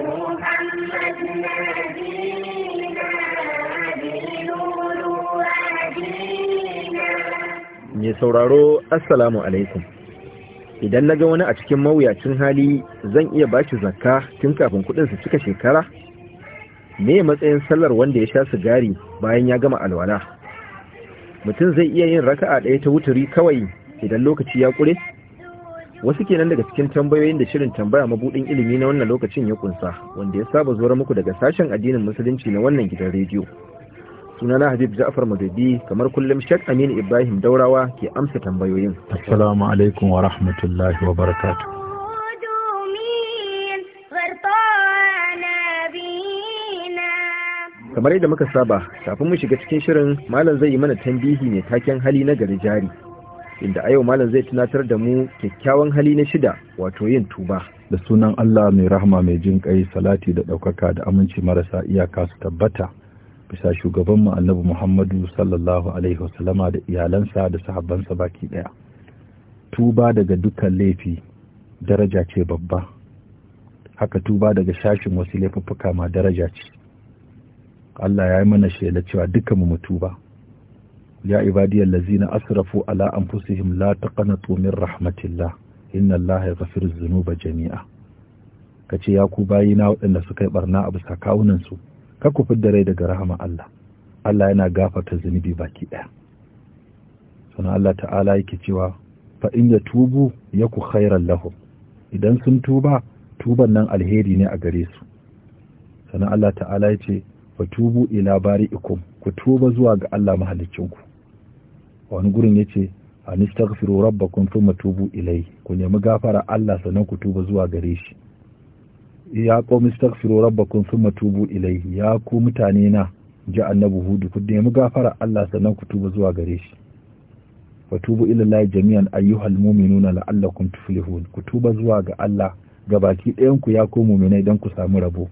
Me sauraro Assalamu alaikum. Idan na ga wani a cikin mawuyacin hali zan iya baki zakka tun kafin kudin su cika shekara? Me matsayin sallar wanda ya sha sigari bayan ya gama alwala? Mutum zai iya yin raka'a ɗaya ta wuturi kawai idan lokaci ya ƙure? wasu kenan daga cikin tambayoyin da shirin tambaya mabudin ilimi na wannan lokacin ya kunsa wanda ya saba zuwa muku daga sashen addinin musulunci na wannan gidan rediyo sunana habib ja'far madadi kamar kullum shek aminu ibrahim daurawa ke amsa tambayoyin assalamu alaikum wa rahmatullahi wa barakatuh kamar yadda muka saba kafin mu shiga cikin shirin malam zai yi mana tambihi ne taken hali na gari jari inda a yau malam zai tunatar da mu kyakkyawan hali na shida wato yin tuba da sunan Allah mai rahama mai jin kai salati da ɗaukaka da aminci marasa iyaka su tabbata bisa shugaban mu annabi Muhammadu sallallahu alaihi wasallama da iyalansa da sahabbansa baki ɗaya tuba daga dukkan laifi daraja ce babba haka tuba daga shashin wasu laifuffuka ma daraja ce Allah ya yi mana shela cewa dukkanmu mu tuba ya ibadiyar lazina asrafu ala anfusihim la taqanatu min rahmatillah inna allaha yaghfiru dhunuba jami'a kace ya ku bayina waɗanda suka yi barna a bisa kawunansu su ku fidda rai daga rahama Allah Allah yana gafata zunubi baki ɗaya. sannan Allah ta'ala yake cewa fa in ya yaku khairan lahum idan sun tuba tuban nan alheri ne a gare su sannan Allah ta'ala ya ce fa tubu ila bari'ikum ku tuba zuwa ga Allah mahalicinku a wani gurin ya ce an istaghfiru rabbakum thumma tubu ilai ku nemi gafara Allah sannan ku tuba zuwa gare shi ya ko istaghfiru rabbakum thumma tubu ilai ya ku mutane na ji annabi hudu ku nemi gafara Allah sannan ku tuba zuwa gare shi wa tubu ila Allah jami'an ayyuhal mu'minuna la'allakum tuflihun ku tuba zuwa ga Allah gabaki ɗayan ku ya ko mu'minai dan ku samu rabo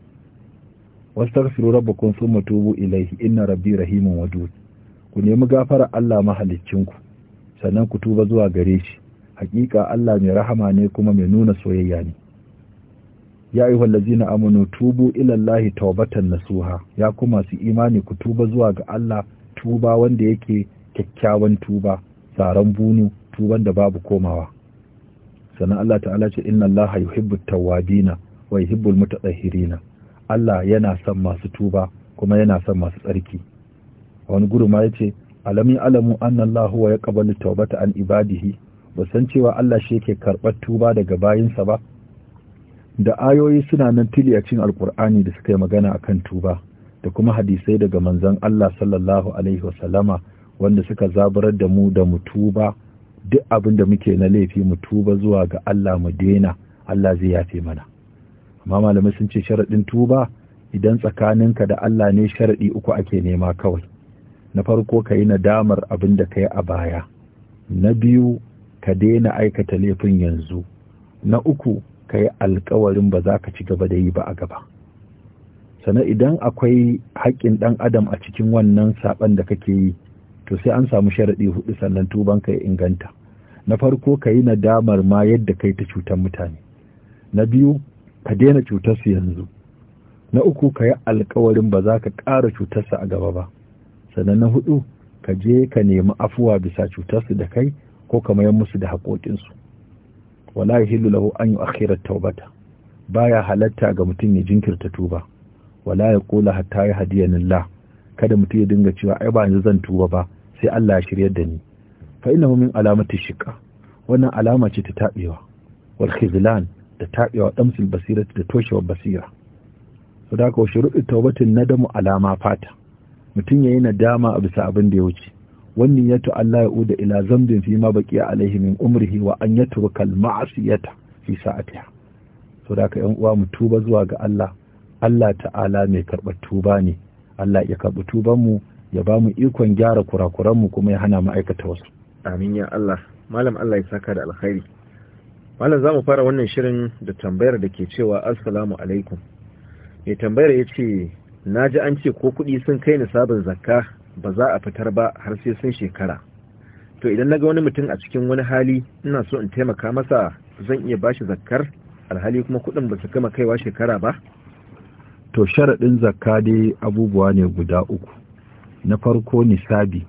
wastaghfiru rabbakum thumma tubu ilayhi inna rabbi rahimun wadud ku nemi gafarar Allah mahalicinku sannan ku tuba zuwa gare shi hakika Allah mai rahama ne kuma mai nuna soyayya ne ya ayyuha allazina amanu tubu ila Allahi tawbatan nasuha ya kuma su imani ku tuba zuwa ga Allah tuba wanda yake kyakkyawan tuba tsaron bunu tuban da babu komawa sannan Allah ta'ala ce inna Allah yuhibbu tawwabina wa yuhibbul na. Allah yana son masu tuba kuma yana son masu tsarki a wani guru ma yace alami alamu anna Allah huwa yaqbalu tawbata an ibadihi san cewa Allah shi yake karɓar tuba daga bayinsa ba da ayoyi suna nan tili a cikin alkur'ani da suka yi magana akan tuba da kuma hadisai daga manzon Allah sallallahu alaihi wasallama wanda suka zaburar da mu da mutuba duk abin da muke na laifi mu tuba zuwa ga Allah mu daina Allah zai yafe mana amma malamai sun ce sharaɗin tuba idan tsakaninka da Allah ne sharaɗi uku ake nema kawai na farko ka yi nadamar abin da ka yi a baya na biyu ka daina aikata laifin yanzu na uku ka yi alkawarin ba za ka ci gaba da yi ba a gaba sannan idan akwai haƙƙin ɗan adam a cikin wannan saɓan da kake yi to sai an samu sharaɗi hudu sannan tuban ka ya inganta na farko ka yi nadamar ma yadda kai ta cutar mutane na biyu ka daina cutarsu yanzu na uku ka yi alkawarin ba za ka ƙara cutarsa a gaba ba sannan na hudu ka je ka nemi afuwa bisa cutarsu da kai ko ka mayar musu da haƙoƙinsu wala ya yahillu lahu an yi akhirar taubata Ba ya halatta ga mutum ya jinkirta tuba wala ya ƙola hatta ya hadiya hadiyanillah kada mutum ya dinga cewa ai ba yanzu zan tuba ba sai Allah ya shiryar da ni fa inna min alamati shiqa wannan alama ce ta tabewa wal khizlan da tabewa damsul basirati da toshewar basira saboda ko shuru'ut tawbatin nadamu alama fata mutum ya yi nadama a bisa abin da ya wuce wannan ya Allah ya uda ila zambin fi ma baqiya alaihi min umrihi wa an yatruka al ma'siyata fi sa'atiha to da ka yan uwa mu tuba zuwa ga Allah Allah ta'ala mai karɓar tuba ne Allah ya karɓi tuban mu ya ba mu ikon gyara kurakuran mu kuma ya hana mu aikata wasu amin ya Allah malam Allah ya saka da alkhairi malam zamu fara wannan shirin da tambayar da ke cewa assalamu alaikum mai tambayar yace na ji an ce ko kuɗi sun kai nisabin zakka ba za a fitar ba har sai sun shekara to idan na ga wani mutum a cikin wani hali ina so in taimaka masa zan iya bashi zakkar alhali kuma kuɗin ba su gama kaiwa shekara ba to sharaɗin zakka dai abubuwa ne guda uku na farko nisabi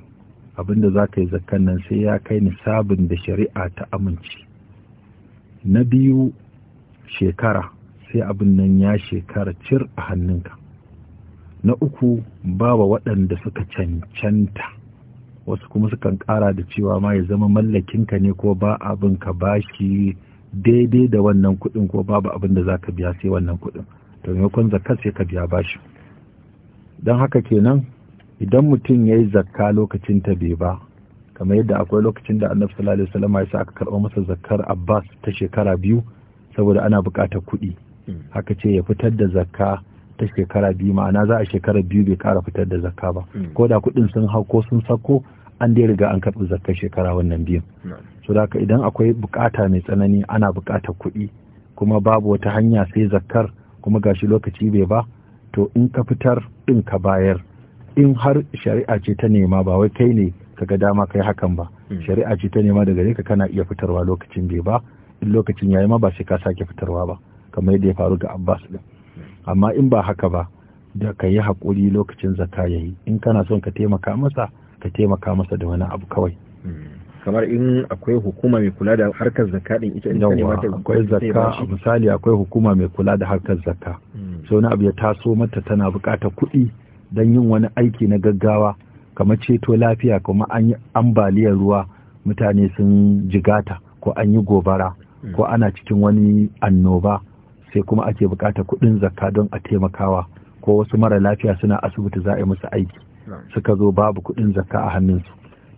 abinda za ka yi zakkan nan sai ya kai ni nisabin da shari'a ta amince na biyu shekara sai abin nan ya shekara cir a hannunka na uku bawa waɗanda suka cancanta wasu kuma sukan ƙara da cewa ma ya zama mallakinka ne ko ba abin ka bashi daidai da wannan kuɗin ko babu abin da za ka biya sai wannan kuɗin to maimakon zakka sai ka biya bashi don haka kenan idan mutum ya yi zakka lokacin ta bai ba kamar yadda akwai lokacin da annabi sallallahu alaihi wasallam ya saka aka karɓa masa zakkar Abbas ta shekara biyu saboda ana buƙatar kuɗi hmm. haka ce ya fitar da zakka ta shekara biyu ma'ana za a shekara biyu bai kara fitar da zakka ba hmm. ko da kuɗin sun hau ko sun sako an dai riga an karɓi zakkar shekara wannan biyun hmm. so da idan akwai bukata mai tsanani ana bukatar kuɗi kuma babu wata hanya sai zakkar kuma gashi lokaci bai ba to in ka fitar ɗin ka bayar in har shari'a ce ta nema ba wai kai ne ka ga dama kai hakan ba hmm. shari'a ce ta nema daga ka kana iya fitarwa lokacin bai ba in lokacin yayi ma ba sai ka sake fitarwa ba kamar yadda ya faru ga Abbas din amma in ba haka ba da ka yi haƙuri lokacin zaka ya yi in kana son ka taimaka masa ka taimaka masa da wani abu kawai hmm. kamar in akwai hukuma mai kula da harkar zaka din ita ne mata akwai zaka misali akwai hukuma mai kula da harkar zaka hmm. so wani abu ya taso mata tana buƙatar kuɗi don yin wani aiki na gaggawa kamar ceto lafiya kuma an yi ambaliyar ruwa mutane sun jigata ko an yi gobara ko hmm. ana cikin wani annoba sai kuma ake bukatar kuɗin zakka don a taimakawa ko wasu mara lafiya suna asibiti za a yi musu aiki suka zo babu kuɗin zakka a hannunsu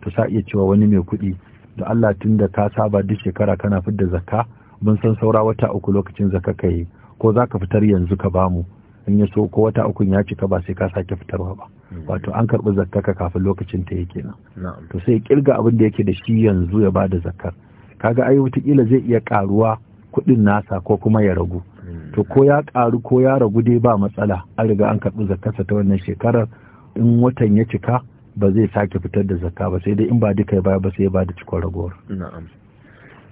to sa iya cewa wani mai kuɗi da Allah tun da ka saba duk shekara kana fidda zakka mun san saura wata uku lokacin zakka ka yi ko za ka fitar yanzu ka bamu in ya so ko wata uku ya cika ba sai ka sake fitarwa ba hmm. wato an karɓi zakka ka kafin lokacin ta yake nan to sai kirga abin da yake da shi yanzu ya bada zakkar kaga ai kila zai iya karuwa kuɗin nasa ko kuma ya ragu to ko ya ƙaru ko ya ragu dai ba matsala an riga an karɓi zakarsa ta wannan shekarar in watan ya cika ba zai sake fitar da zakka ba sai dai in ba duka ya ba sai ba da cikon ragowar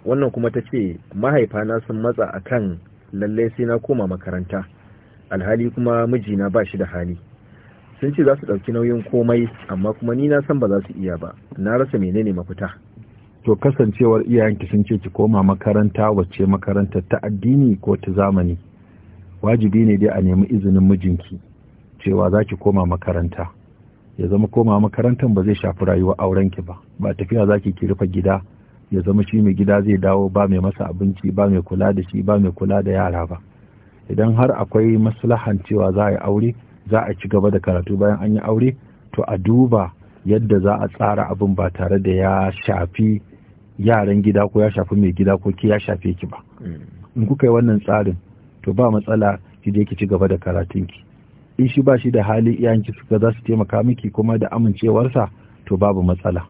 wannan kuma ta ce mahaifana sun matsa a kan lallai sai na koma makaranta alhali kuma mijina ba shi da hali sun ce za su ɗauki nauyin komai amma kuma ni na san ba za su iya ba na rasa menene mafita to kasancewar iyayenki sun ce ki koma makaranta wacce makarantar ta addini ko ta zamani wajibi ne dai a nemi izinin mijinki cewa za ki koma makaranta ya zama koma makarantar ba zai shafi rayuwar aurenki ba ba tafiya za ki rufe gida ya zama shi mai gida zai dawo ba mai masa abinci ba mai kula da shi ba mai kula da yara ba idan har akwai maslahan cewa za a yi aure za a ci gaba da karatu bayan an yi aure to a duba yadda za a tsara abin ba tare da ya shafi yaran gida ko ya shafi mai gida ko ki ya shafe ki ba in kuka yi wannan tsarin to ba matsala ki je ki ci gaba da karatunki in shi ba shi da hali iyayenki suka za su taimaka miki kuma da amincewarsa to babu matsala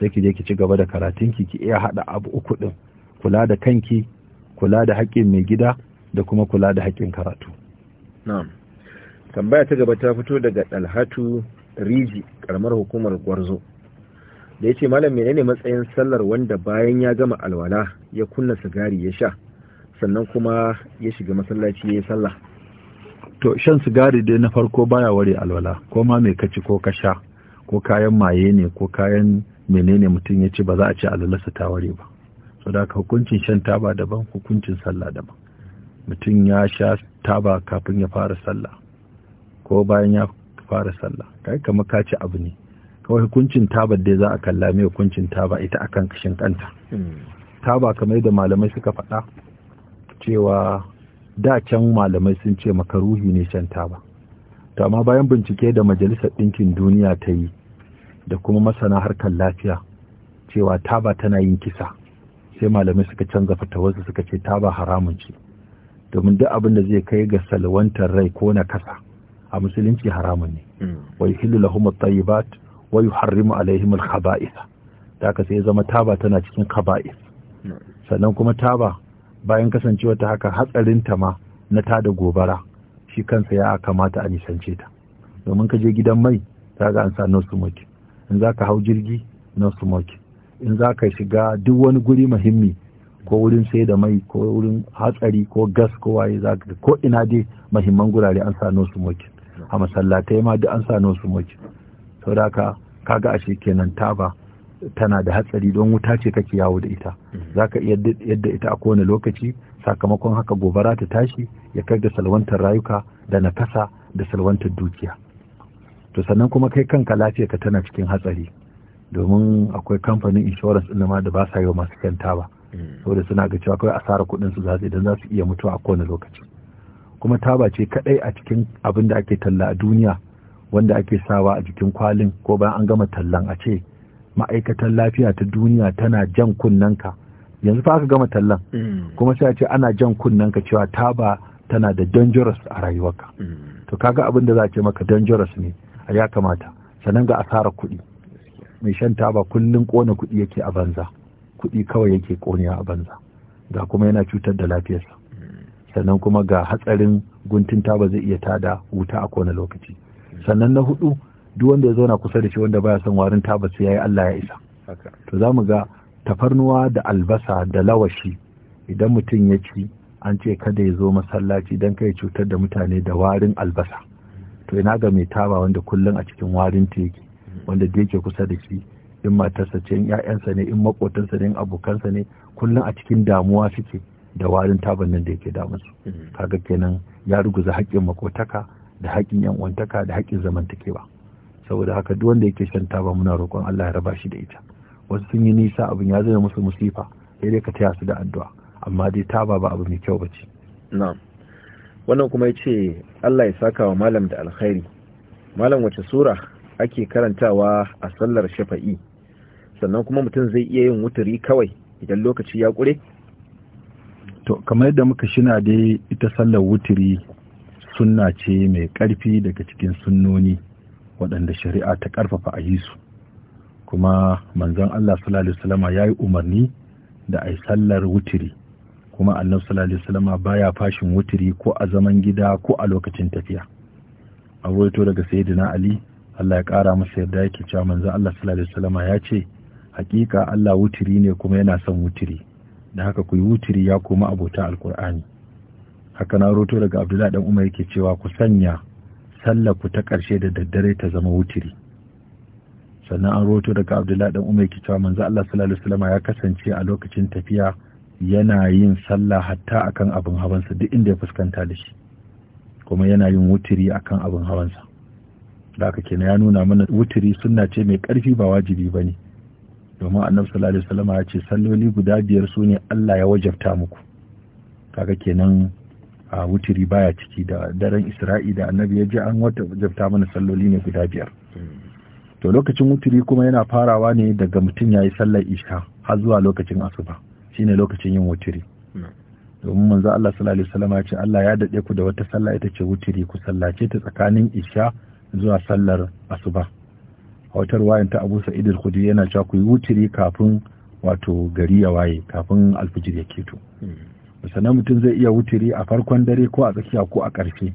sai ki je ki ci gaba da karatunki ki iya haɗa abu uku ɗin kula da kanki kula da haƙƙin mai gida da kuma kula da haƙƙin karatu na'am tambaya ta gaba ta fito daga dalhatu riji karamar hukumar gwarzo da ya ce malam menene matsayin sallar wanda bayan ya gama alwala ya kunna sigari ya sha sannan kuma ya shiga masallaci ya yi sallah to shan sigari dai na farko baya ware alwala ko ma mai kaci ko ka sha ko kayan maye ne ko kayan menene mutum ya ce ba za a ce alwalarsa ta ware ba so da ka hukuncin shan taba daban hukuncin sallah daban mutum ya sha taba kafin ya fara sallah ko bayan ya fara sallah kai kamar ka ci abu ne kawai hukuncin taba dai za a kalla mai hukuncin taba ita akan kashin kanta taba kamar yadda malamai suka faɗa cewa da can malamai sun ce makaruhi ne can taba to amma bayan bincike da majalisar ɗinkin duniya ta yi da kuma masana harkar lafiya cewa taba tana yin kisa sai malamai suka canza fatawarsu suka ce taba haramun ce domin duk abin da zai kai ga salwantar rai ko na kasa a musulunci haramun ne hmm. wa yuhillu lahum at-tayyibat wa yuharrimu alaihim al-khaba'ith haka sai zama taba tana cikin khaba'ith hmm. sannan kuma taba bayan kasancewa ta haka hatsarin ta ma na tada gobara shi kansa ya kamata a nisance ta domin ka je gidan mai ga an sa no smoke in ka hau jirgi no smoke in ka shiga duk wani guri muhimmi ko wurin sai da mai ko wurin hatsari ko gas ko waye za ka ko ina dai mahimman gurare an sa no smoke a masallatai ma duk an sa no sau da haka kaga ashe kenan taba tana da hatsari don wuta ce kake yawo da ita za iya yadda ita a kowane lokaci sakamakon haka gobara ta tashi ya kai da salwantar rayuka da na nakasa da salwantar dukiya to sannan kuma kai kanka lafiya ka tana cikin hatsari domin akwai kamfanin insurance ɗin ma da ba sa yi wa masu kyanta ba mm. saboda suna ga cewa kawai asara kuɗin su za su idan za su iya mutuwa a kowane lokaci kuma taba ce kadai a cikin abin da ake talla a duniya wanda ake sawa a jikin kwalin ko bayan an gama tallan a ce ma'aikatan lafiya ta duniya tana jan kunnanka yanzu fa aka gama tallan mm. kuma sai a ce ana jan kunnanka cewa taba tana da dangerous a rayuwarka mm. to kaga abin da za a ce maka dangerous ne a ya kamata sannan ga asarar kuɗi mai shan taba kullum kona kuɗi yake a banza kuɗi kawai yake ƙoniya a banza ga kuma yana cutar da lafiyarsa sannan kuma ga hatsarin guntun ba zai iya tada wuta a kowane lokaci sannan na hudu duk wanda ya zo na kusa da shi wanda baya son warin taba sai yayi Allah ya isa to za mu ga tafarnuwa da albasa da lawashi idan mutum ya ci an ce kada ya zo masallaci dan kai cutar da mutane da warin albasa to ina ga mai taba wanda kullum a cikin warin ta yake wanda da yake kusa da shi in matarsa ce in 'ya'yansa ne in makotansa ne in abokansa ne kullum a cikin damuwa suke da warin taban nan da yake damun su mm. kaga kenan ya ruguza haƙƙin makotaka da haƙƙin yan uwantaka da haƙƙin zamantakewa saboda haka duk wanda yake shan taba muna roƙon Allah ya raba shi da ita wasu sun yi nisa abin ya zama musu musifa sai dai ka taya su da addu'a amma dai taba ba abu mai kyau bace. na'am wannan kuma ya ce Allah ya saka wa malam da alkhairi malam wace sura ake karantawa a sallar shafa'i sannan kuma mutum zai iya yin wuturi kawai idan lokaci ya kure. to kamar yadda muka shina dai ita sallar wuturi sunna ce mai ƙarfi daga cikin sunnoni waɗanda shari'a ta ƙarfafa a yi su kuma manzon Allah sallallahu alaihi wasallama yayi umarni da ai sallar wuturi kuma annabi sallallahu alaihi wasallama baya fashin wuturi ko a zaman gida ko a lokacin tafiya an daga sayyidina Ali Allah ya ƙara masa yarda yake cewa manzon Allah sallallahu alaihi wasallama ya ce haƙiƙa Allah wuturi ne kuma yana son wuturi. da haka ku yi wuturi ya koma abota alkur'ani haka na roto daga abdullahi dan umar yake cewa ku sanya sallar ku ta karshe da daddare ta zama wuturi. sannan an roto daga abdullahi dan umar yake cewa manzo Allah sallallahu alaihi wasallam ya kasance a lokacin tafiya yana yin sallah hatta akan abin hawansa duk inda ya fuskanta da shi kuma yana yin wuturi akan abin hawansa da haka kenan ya nuna mana wuturi sunna ce mai karfi ba wajibi bane domin annabi sallallahu alaihi wasallam ya ce salloli guda biyar su ne Allah ya wajabta muku kaga kenan a wuturi baya ciki da daren Isra'i da annabi ya ji an wajabta mana salloli ne guda biyar to lokacin wuturi kuma yana farawa ne daga mutum ya yi sallar isha har zuwa lokacin asuba shine lokacin yin wuturi. domin manzo Allah sallallahu alaihi wasallam ya ce Allah ya dade ku da wata sallah ita ce wutiri ku sallace ta tsakanin isha zuwa sallar asuba a wata wayan ta abu sa'id al-khudri yana cewa ku yi wutiri kafin wato gari ya waye kafin alfijir ya keto hmm. sannan mutum zai iya wutiri a farkon dare ko a tsakiya ko a ƙarfe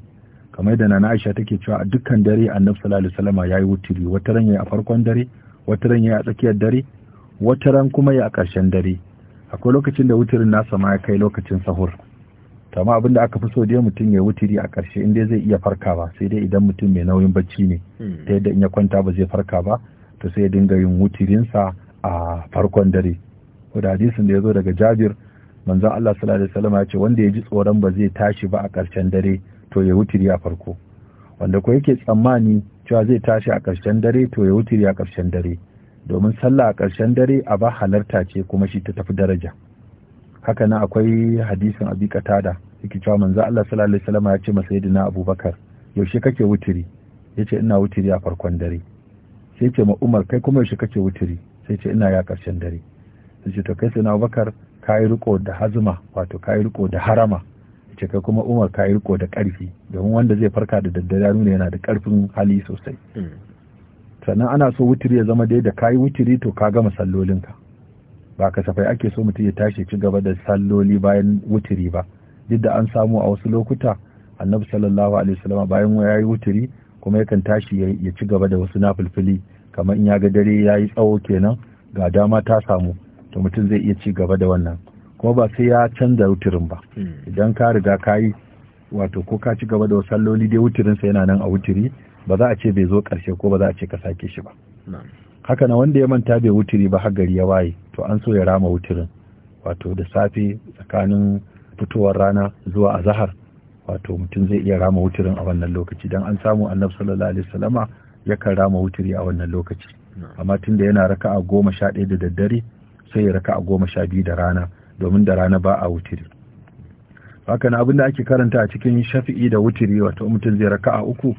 kamar da nana aisha take cewa a dukkan dare annabi sallallahu alaihi wasallam yayi wutiri wata ran yayi a farkon dare wata ran yayi a tsakiyar dare wata ran kuma yi a ƙarshen dare akwai lokacin da wuturin nasa ma ya kai lokacin sahur to amma abinda aka fi so dai mutum ya wutiri a ƙarshe inda zai iya farka ba sai dai idan mutum mai nauyin bacci ne hmm. ta yadda in ya kwanta ba zai farka ba to sai ya dinga yin wuturinsa a farkon dare da hadisin da ya zo daga jabir manzon Allah sallallahu alaihi wasallam ya ce wanda ya ji tsoron ba zai tashi ba a ƙarshen dare to ya wutiri a farko wanda ko yake tsammani cewa zai tashi a ƙarshen dare to ya wutiri a ƙarshen dare domin sallah a ƙarshen dare a ba halarta ce kuma shi ta tafi daraja haka nan akwai hadisin abi katada yake cewa manzo Allah sallallahu alaihi wasallam ya ce masa sayyidina Abubakar yaushe kake wutiri yace ina wutiri a farkon dare sai ce ma Umar kai kuma yaushe kake wutiri sai ce ina ya karshen dare sai ce to kai sayyidina Abubakar kai riko da hazma wato kai riko da harama yace kai kuma Umar kai riko da karfi domin wanda zai farka da daddare ya nuna yana da karfin hali sosai hmm. sannan ana so wutiri ya zama dai da kayi wutiri to ka gama sallolinka ba kasafai ake so mutum ya tashi ci gaba da salloli bayan wutiri ba duk da an samu a wasu lokuta annabi sallallahu alaihi wasallam bayan ya yi wuturi kuma yakan tashi ya ci gaba da wasu nafilfili kamar in ya ga dare ya yi tsawo kenan ga dama ta samu to mutum zai iya ci gaba da wannan kuma ba sai ya canza wuturin ba hmm. idan ka riga ka yi wato ko ka ci gaba da wasu salloli dai sa yana nan a wuturi ba za a ce bai zo karshe ko ba za a ce ka sake shi ba haka na wanda ya manta bai wuturi ba har gari ya waye to an so ya rama wuturin wato da safe tsakanin fitowar rana zuwa azahar wato mutum zai iya rama wuturin a wannan lokaci dan an samu annabi sallallahu alaihi wasallama yakan rama wuturi a wannan lokaci amma tunda yana raka'a goma sha ɗaya da daddare sai ya raka'a goma sha biyu da rana domin da rana ba a wuturi haka na abinda ake karanta a cikin shafi'i da wuturi wato mutum zai raka a uku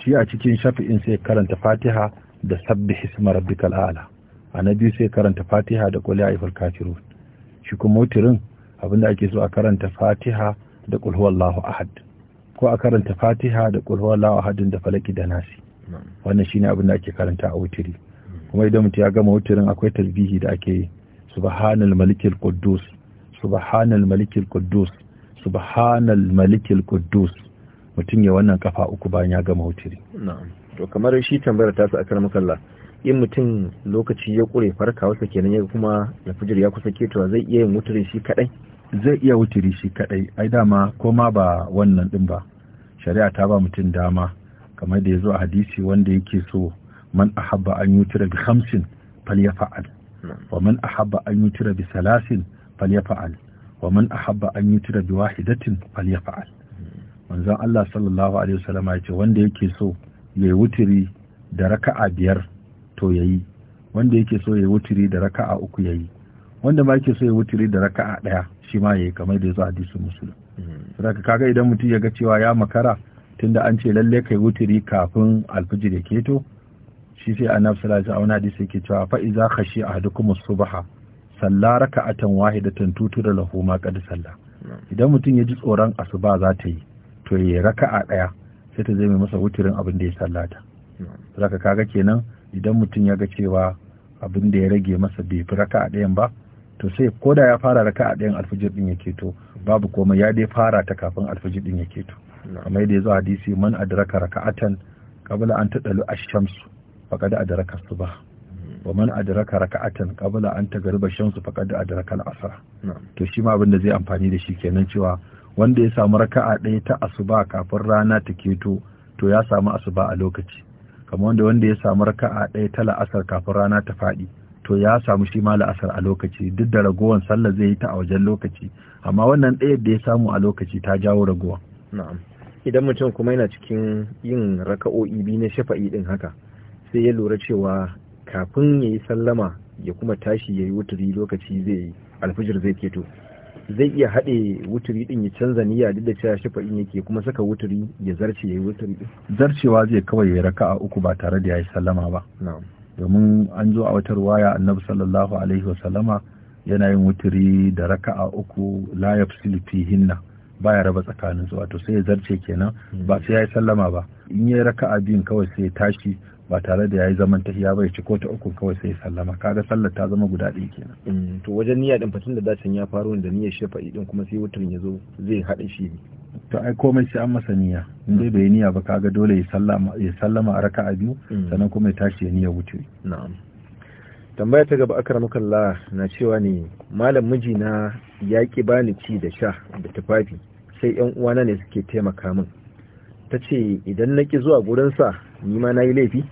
shi a cikin shafi'in sai karanta fatiha da sabbi hisma rabbikal a'la a na biyu sai karanta fatiha da qul ya kafiru shi kuma wuturin abinda ake so a karanta fatiha da kulhuwallahu ahad ko a karanta fatiha da kulhuwallahu ahadin da falaki da nasi wannan shine abin da ake karanta a wuturi. kuma idan mutum ya gama wutirin akwai talbihi da ake yi subhanal malikil quddus subhanal malikil quddus subhanal malikil quddus mutum ya wannan kafa uku bayan ya gama wuturi. na'am to kamar shi tambayar ta su a makalla in mutum lokaci ya kure farka wasa kenan ya kuma ya ya kusa ketowa zai iya yin wutirin shi kadai zai iya wuturi shi kadai ai dama koma ba wannan din ba shari'a ta ba mutum dama kamar da ya zo a hadisi wanda yake so man ahabba an yutura bi khamsin falyafa'al wa man ahabba an yutura bi salasin falyafa'al wa man ahabba an yutura bi wahidatin falyafa'al manzon Allah sallallahu alaihi wasallam ya ce wanda yake so yayi wuturi da raka'a biyar to yayi wanda yake so yayi wuturi da raka'a uku yayi wanda ba yake so yayi wuturi da raka'a daya shi ma ya yi kamar da hadisun hadisin muslim ka hmm. kaga idan mutum ya ga cewa ya makara tunda an ce lalle kai wutiri kafin alfijir da keto shi sai annabi sallallahu alaihi wasallam hadisi yake cewa fa iza khashi ahadukum subha salla raka'atan wahidatan tutura lahu ma qad salla hmm. idan mutum ya ji tsoron asuba za ta yi to ya raka'a ɗaya sai ta zai masa wutirin abin da ya sallata ka hmm. kaga kenan idan mutum ya ga cewa abin da ya rage masa bai fi raka'a ɗayan ba to sai koda ya fara raka a ɗayan alfijir ɗin ya keto babu komai ya dai fara ta kafin alfijir ɗin ya keto kamar da ya zo hadisi man adraka raka'atan qabla an tadalu ash-shamsu faqad adraka as-subah hmm. wa man adraka raka'atan qabla an tagarba ash-shamsu faqad adraka al-asr to shi ma abinda zai amfani da shi kenan cewa wanda ya samu raka'a ɗaya ta asuba kafin rana ta keto to ya samu asuba a lokaci kamar wanda wanda ya samu raka'a ɗaya ta la'asar kafin rana ta faɗi to ya samu shi ma la'asar a lokaci duk da ragowar sallar zai yi ta a wajen lokaci amma wannan ɗayar da ya samu a lokaci ta jawo ragowa na'am idan mutum kuma yana cikin yin raka'o'i biyu na shafa'i din haka sai ya lura cewa kafin ya yi sallama ya kuma tashi ya yi wuturi lokaci zai yi alfijir zai keto zai iya haɗe wuturi din ya canza niyya duk da cewa shafa'in yake kuma saka wuturi ya zarce ya yi wuturi din zarcewa zai kawai ya raka'a uku ba tare da ya yi sallama ba na'am domin an zo a wata ruwaya annabi sallallahu alaihi sallama yana yin wuturi da raka'a uku la hinna fihinna baya raba tsakanin su wato sai ya zarce kenan ba sai ya yi sallama ba in yi raka'a biyun kawai sai ya tashi ba tare da yi zaman tahiya ba ya ci ko ta uku kawai sai sallama kaga sallar ta zama guda ɗaya kenan mm, to wajen niyya din fatin da dacin ya faru da niyyar shafa'i din kuma sai wutar ya zo zai haɗa shi to ai komai sai an masa niyya in dai bai niyya ba kaga dole ya sallama ya sallama a raka'a biyu mm. sannan kuma ya tashi ya niyya wuce na'am tambaya ta gaba akramakallah na cewa ne malam mijina ya ki bani ci da sha da tufafi sai yan uwana ne suke taimaka min ta ce idan na ki zuwa gurinsa ni ma na yi laifi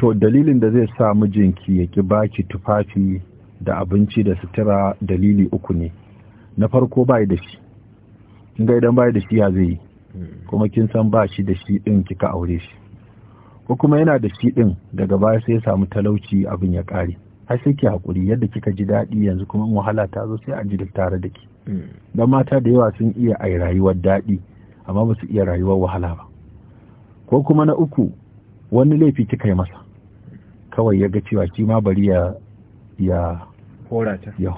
to dalilin da zai sa mijinki ya ki baki tufafi da abinci da sutura dalili uku ne na farko bai da shi ga idan bai da shi ya zai yi hmm. kuma kin san ba shi da shi din kika aure shi ko kuma yana da shi din daga baya sai ya samu talauci abin ya kare har sai ki hakuri yadda kika ji daɗi yanzu kuma wahala ta zo sai a ji da tare da ki hmm. dan mata da yawa sun iya ai rayuwar daɗi amma ba su iya rayuwar wahala ba ko kuma na uku wani laifi kika yi masa kawai ya ga cewa kima bari ya ya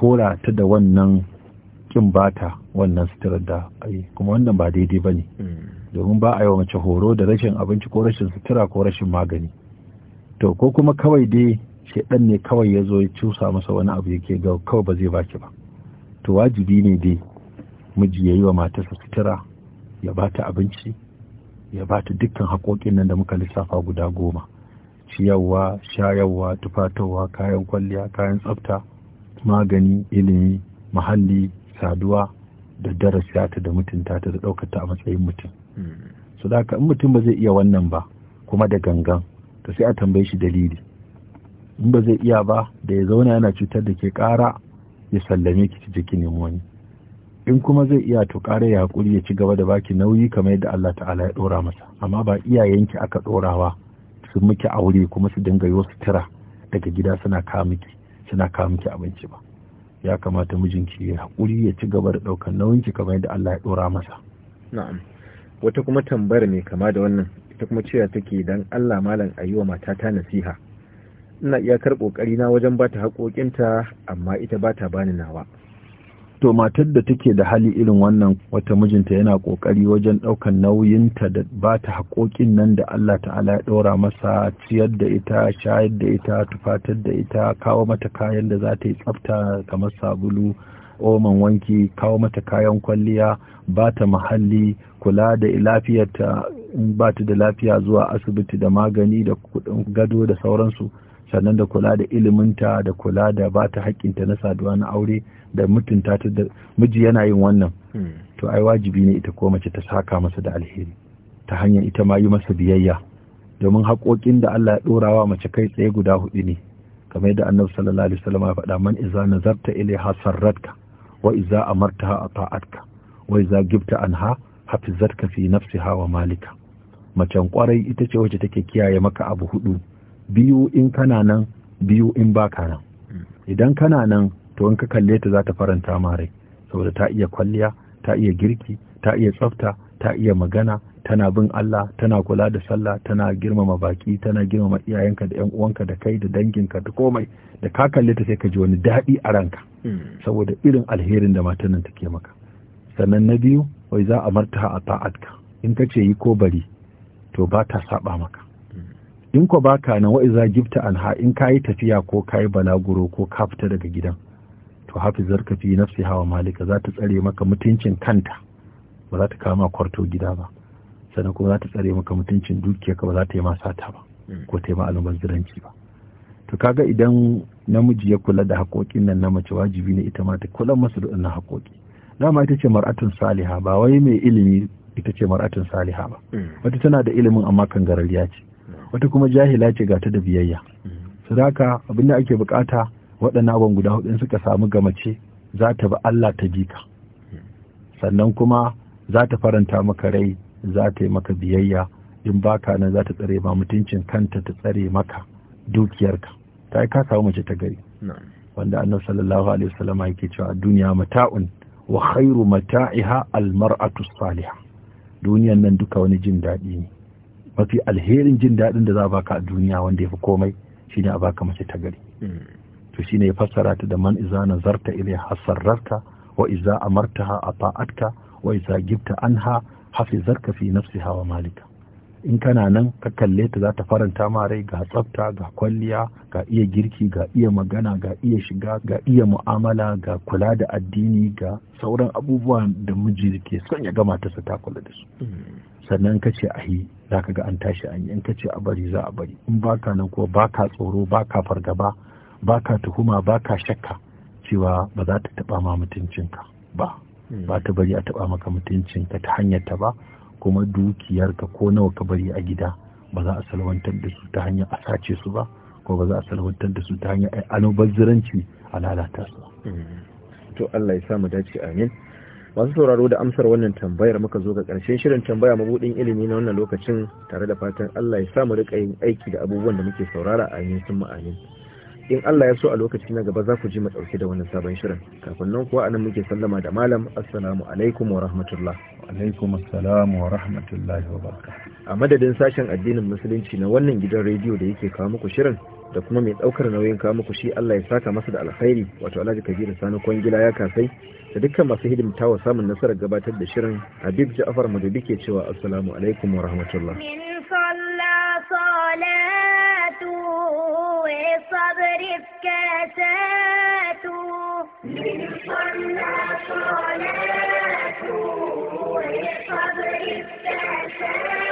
hora ta da wannan kin bata wannan suturar da ai kuma wannan ba daidai ba ne hmm. domin ba a yi wa mace horo da rashin abinci ko rashin sutura ko rashin magani to ko kuma kawai dai dan ne kawai ya zo ya cusa masa wani abu yake ga kawai ba zai baki ba to wajibi ne dai miji ya yi wa matarsa sutura ya bata abinci ya bata dukkan haƙoƙin nan da muka lissafa guda goma ciyarwa shayarwa tufatowa kayan kwalliya kayan tsafta magani ilimi muhalli saduwa da darasa ta da mutunta ta da ɗaukar ta a matsayin mutum hmm. so da in mutum ba zai iya wannan ba kuma da gangan to sai a tambaye shi dalili in ba zai iya ba da ya zauna yana cutar da ke ƙara ya sallame ki ci ki nemi wani in kuma zai iya to ƙara ya haƙuri ya ci gaba da baki nauyi kamar yadda Allah ta'ala ya ɗora masa amma ba iyayenki aka ɗorawa su miki aure kuma su dinga yi tira daga gida suna kawo miki suna kawo abinci ba ya kamata mijinki ya haƙuri ya ci gaba da ɗaukar nauyinki kamar yadda Allah ya ɗora masa na'am wata kuma tambayar ne kama da wannan ita kuma cewa take dan Allah malam a yi wa matata nasiha ina iyakar ƙoƙari na wajen ba ta haƙoƙinta amma ita ba ta bani nawa to matar da take da hali irin wannan wata mijinta yana kokari wajen ɗaukan nauyinta da ba ta haƙoƙin nan da Allah ta'ala ya ɗora masa ciyar da ita shayar da ita tufatar da ita kawo mata kayan da za ta yi tsafta kamar sabulu oman wanki kawo mata kayan kwalliya ba ta muhalli kula da lafiyarta in ba ta da lafiya zuwa asibiti da magani da kuɗin gado da sauransu sannan da kula da iliminta da kula da ba ta haƙƙinta na saduwa na aure da mutunta ta da miji yana yin wannan hmm. to ai wajibi ne ita ko mace ta saka masa da alheri ta hanyar ita ma yi masa biyayya domin haƙoƙin da Allah ya ɗora wa mace kai tsaye guda hudu ne kamar yadda annabi sallallahu alaihi wasallam ya faɗa man iza nazarta ilaiha sarratka wa iza amartaha ata'atka wa iza gibta anha hafizatka fi nafsiha wa malika macen kwarai ita ce wacce take kiyaye maka abu hudu biyu in kana nan biyu in baka nan hmm. idan kana nan to in ka kalle ta za ta faranta ma rai saboda ta iya kwalliya ta iya girki ta iya tsafta ta iya magana tana bin Allah tana kula da sallah tana girmama baki tana girmama iyayenka da yan uwanka da kai da danginka da komai da ka kalle ta sai ka ji wani daɗi a ranka hmm. saboda irin alherin da matan nan take maka sannan na biyu wai za a marta a ta'atka in ka ce yi ko bari to ba ta saba maka hmm. in ko baka nan wai za gifta anha in ka yi tafiya ko ka yi balaguro ko ka fita daga gidan fa ka fi nafsi hawa malika za ta tsare maka mutuncin kanta ba za ta kama kwarto gida ba sannan kuma za ta tsare maka mutuncin dukiyarka ba za ta yi masa ta ba ko ta yi ma'alin almubazziranci ba to kaga idan namiji ya kula da haƙoƙin nan na mace wajibi ne ita ma ta kula masa da wannan haƙoƙi dama ita ce mar'atun saliha ba wai mai ilimi ita ce mar'atun saliha ba wata tana da ilimin amma kan ya ce wata kuma jahila ce ga ta da biyayya mm. sadaka abinda ake bukata waɗannan abin guda hudu suka samu ga mace za ta bi Allah ta bi ka sannan kuma za ta faranta maka rai za ta yi maka biyayya in baka nan za ta tsare ma mutuncin kanta ta tsare maka dukiyarka ta yi ka samu mace ta gari wanda annabi sallallahu alaihi wasallam yake cewa duniya mata'un wa khairu mata'iha almar'atu salihah duniyan nan duka wani jin daɗi ne mafi alherin jin daɗin da za a baka a duniya wanda ya fi komai shine a baka mace ta gari hmm. to shi ya fassara ta da man iza nazarta ilai hasarrarka wa iza amartaha ata'atka wa iza gibta anha hafizarka fi nafsiha wa malika in kana nan ka kalle ta za ta faranta ma rai ga tsafta ga kwalliya ga iya girki ga iya magana ga iya shiga ga iya mu'amala ga kula da addini ga sauran abubuwa da miji ke son ya gama ta ta kula da su sannan ka ce ahi za ka ga an tashi an yi in ka ce a bari za a bari in baka nan ko baka tsoro baka fargaba baka tuhuma baka shakka cewa ba za ta taba ma mutuncinka ba ba ta bari a taba maka mutuncinka ta hanyar ta ba kuma dukiyarka ko nawa ka bari a gida ba za a salwantar da su ta hanyar a sace su ba ko ba za a salwantar da su ta hanyar almubazziranci a lalata su hmm. to Allah ya sa mu dace amin masu sauraro da amsar wannan tambayar muka zo ga ƙarshen shirin tambaya mabudin ilimi na wannan lokacin tare da fatan Allah ya sa mu riƙa yin aiki da abubuwan da muke saurara a yin sun ma'anin in Allah ya so a lokaci na gaba za ku ji mu da wannan sabon shirin kafin nan kuwa anan muke sallama da malam assalamu alaikum wa rahmatullah wa alaikum assalam wa rahmatullahi wa baraka a madadin sashen addinin musulunci na wannan gidan rediyo da yake kawo muku shirin da kuma mai daukar nauyin kawo muku shi Allah ya saka masa da alkhairi wato Alhaji Kabiru Sani Kwangila ya kasai da dukkan masu hidimta wa samun nasarar gabatar da shirin Habib Ja'far Madobi ke cewa assalamu alaikum wa rahmatullah Thank you.